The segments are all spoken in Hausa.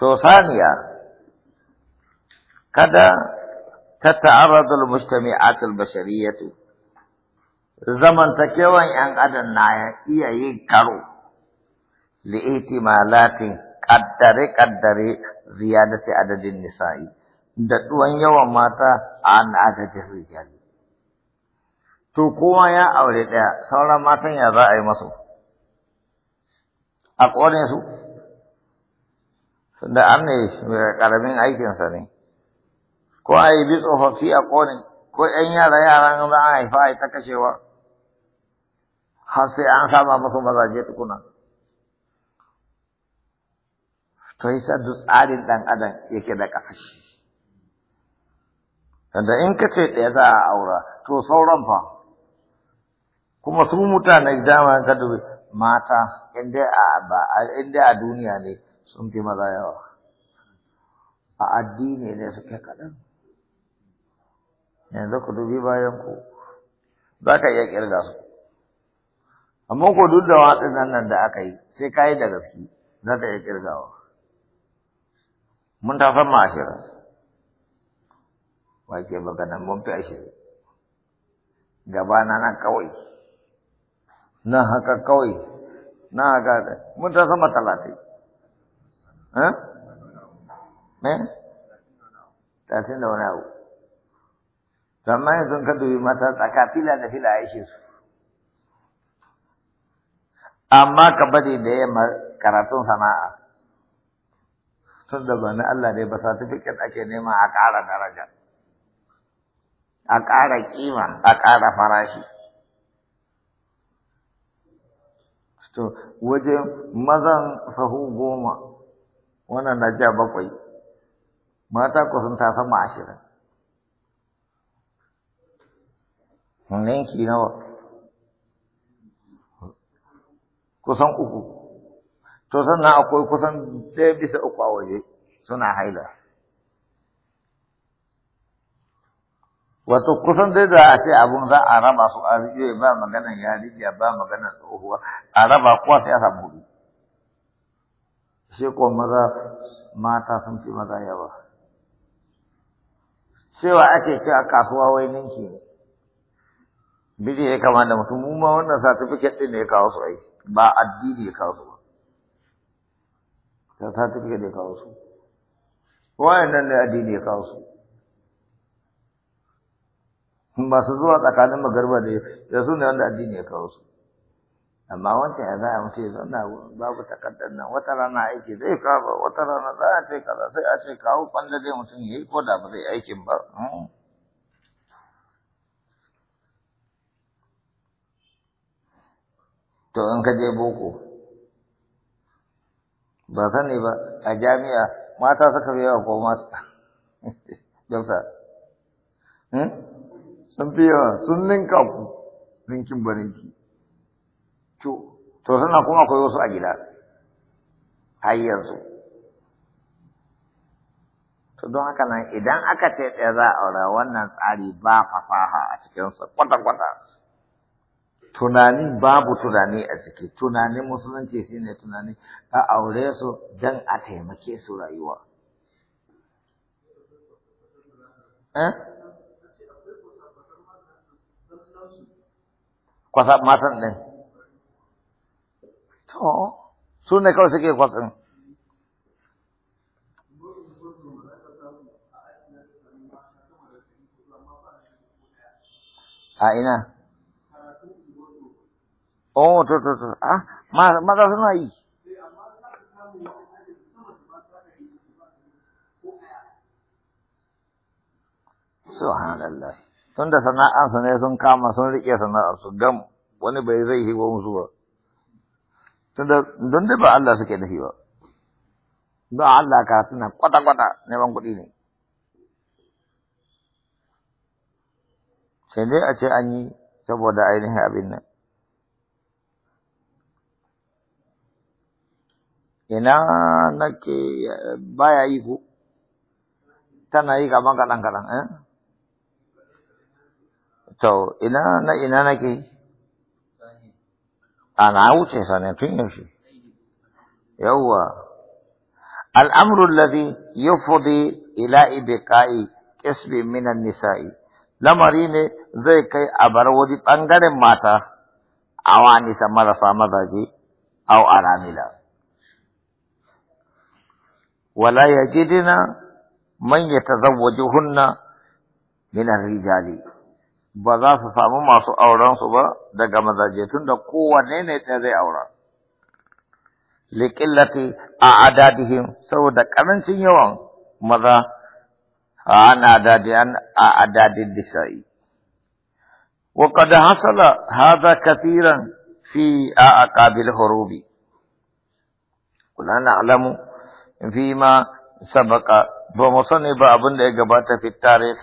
To Saniya kada Tatta'ar Raza Mushtaɓi Atil Bashir yanzu. Zamantakewan 'yan adana na iya yin karo. Likiti ma'alatin ƙaddare-ƙaddare ziyarar shi adadin nisa'i, da duwan yawan mata a ana adadin rijali. To kuma ya aure ɗaya sauran matan ya zaʻa yi masu. a ƙone su da an ne ƙaramin aikinsa ne ko a yi bi tsofaffi a ƙone ko ‘yan yara yara za a haifa a yi ta kashewa har sai an sama masu mazaje tukuna to yi sa duk tsarin ɗan adam yake da ƙasashe da in ka ce ɗaya za a aura to sauran fa kuma su mutane dama ka dubi mata inda a ba inda a duniya ne sun fi maza yawa a addini ne suke kaɗan yanzu ku dubi bayan ku za ka iya ƙirga su amma ko duk da watsi nan da aka yi sai ka yi da gaske za ka iya ƙirgawa mun ta ma ashirin wake maganan mun fi ashirin gabana nan kawai na haka kawai na haka mun ta sama talatin eh, eh? talatin da wani abu sannan sun ka dubi mata tsaka fila da fila aishe su amma ka bari da yamma karatun sana'a tun da ba na Allah dai ba certificate ake nema a ƙara daraja a ƙara kima a ƙara farashi To waje mazan sahu goma, wannan na ja bakwai, mata ku sun ta sama ashirin. Ninki nawa? Kusan uku. To sannan akwai kusan ɗaya bisa uku a waje suna haila. wato kusan dai da a ce abun za a raba su a rijiyoyi ba maganar yarinya ba maganar tsohuwa a raba kuwa sai a samu hudu sai kuwa maza mata sun fi maza yawa cewa ake a kasuwa wai ninki ne biji ya kama da mutum mu ma wannan certificate din ne ya kawo su ai ba addini ya kawo su ba certificate ne ya kawo su wayannan ne addini ya kawo su masu zuwa tsakanin magarba da da su ne wanda addini ya kawo su amma wancan ya zaya mutu ya zauna babu takardar nan wata rana aiki zai kawo wata rana za a ce kaza sai a ce kawo kwanda zai mutum ya yi ko da ba zai aikin ba to in ka je boko ba sani ba a jami'a mata suka fi yawa ko mata sun fi yawa sun ninka ku ninkin barinki to to sannan kuma akwai wasu a gida har yanzu to don haka nan idan aka ce ɗaya za a aura wannan tsari ba fasaha a cikinsa kwata-kwata tunani babu tunani a ciki tunanin musulunci shine tunani a aure su don a taimake su rayuwa eh? kwasa matan ɗin. To, su ne kawai suke kwasan. A ina? Oh, to, to, to, ah, maza suna yi. Subhanallah. tun da sana'ansu ne sun kama sun riƙe sana'arsu gam wani bai zai yi wa musu ba don da ba Allah suke nufi ba don Allah ka suna kwata-kwata neman kuɗi ne sai dai a ce an yi saboda ainihin abin nan ina nake baya yi ku tana yi kaman kaɗan-kaɗan eh to ina na ina nake a ah, na wuce sani tun yaushe yawwa al'amru alladhi yufdi ila ibqa'i qismi min an-nisa'i lamari ne zai kai a bar wani mata awani ta marasa mazaje au aramila wala yajidina man yatazawwajuhunna min ar-rijali ba za su samu masu aurensu ba daga mazaje tun da kowanne ne ta zai aura. Likillati a adadihim saboda ƙarancin yawan maza ana adadiyan a adadin disa'i. وقد حصل هذا كثيرا في أعقاب الحروب ولا نعلم فيما سبق ومصنف أبن إجابات في التاريخ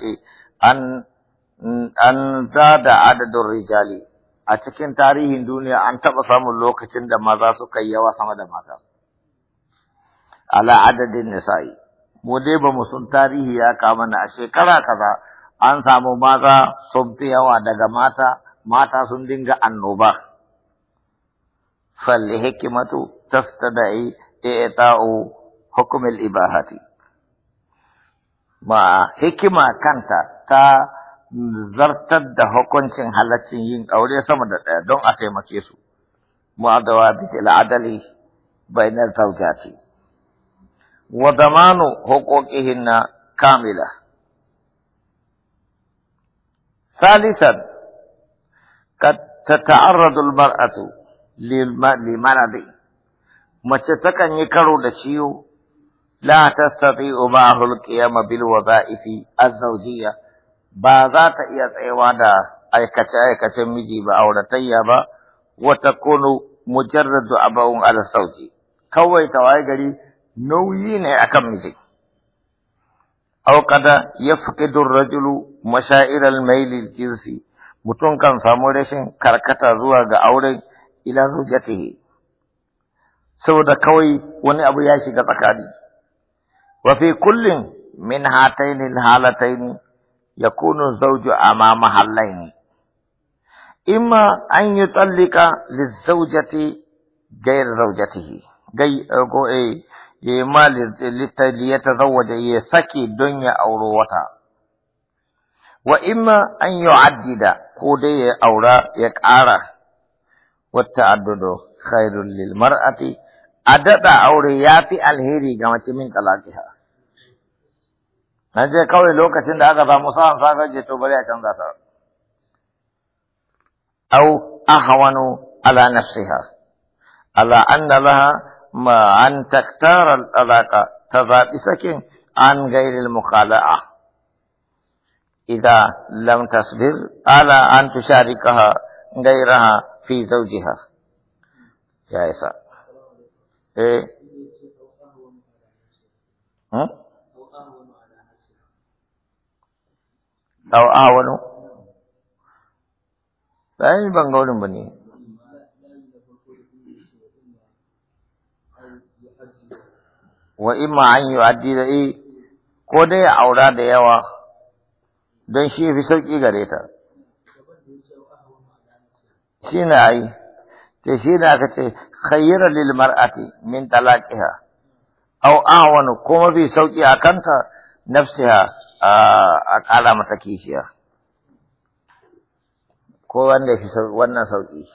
أن Mm, an da adadin rijali a cikin tarihin duniya an taɓa samun lokacin da maza suka yi yawa sama da mata ala adadin nisa'i mu dai ba mu sun tarihi ya kama na a shekara kaza an samu maza sun fi yawa daga mata mata sun dinga annoba fal hikimatu tastada'i i'ta'u hukm hukumar ibahati ma hikima kanta ta zartar da hukuncin halaccin yin aure sama da ɗaya don a taimake su mu'adawa bi al'adali bainar zaujati wa damanu na kamila salisan ta tata'arradu maratu limaradi mace takan yi karo da ciwo la tastati'u ma'ahu al bil wada'ifi az-zawjiyya ba za ta iya tsayawa da aikace-aikacen miji ba auratayya ba wata kono mujarradu abawun ala sauti kawai ta waye gari nauyi ne akan miji aw kada yafqidu rajulu mashaa'ir al-mayl jinsi mutum kan samu rashin karkata zuwa ga auren ila zujatihi saboda kawai wani abu ya shiga tsakani wa fi kullin min hataini halataini يكون الزوج أمام حلين إما أن يطلق للزوجة غير زوجته غي إي إما ليتزوج يسكي دنيا أو روتا وإما أن يعدد كودي لا يكارا والتعدد خير للمرأة أدد أو رياتي الهيري كما من طلاقها نجي قولي لوكا تند هذا فمصان صاغا جيتو بلا او اهون على نفسها على ان لها ما ان تختار العلاقه تذات سكين عن غير المخالاة اذا لم تصبر على ان تشاركها غيرها في زوجها جائزه ايه aw awanu ai ban ga wurin bane wa imma an yu'addi adi ko dai ya aura da yawa don shi fi sauki gare ta shi na yi ta shi na ka ce lil mar'ati min talaqiha aw awanu kuma fi sauki a kanta nafsiha Ah, a ƙara mata kishiya ko wanda fi wannan sauƙi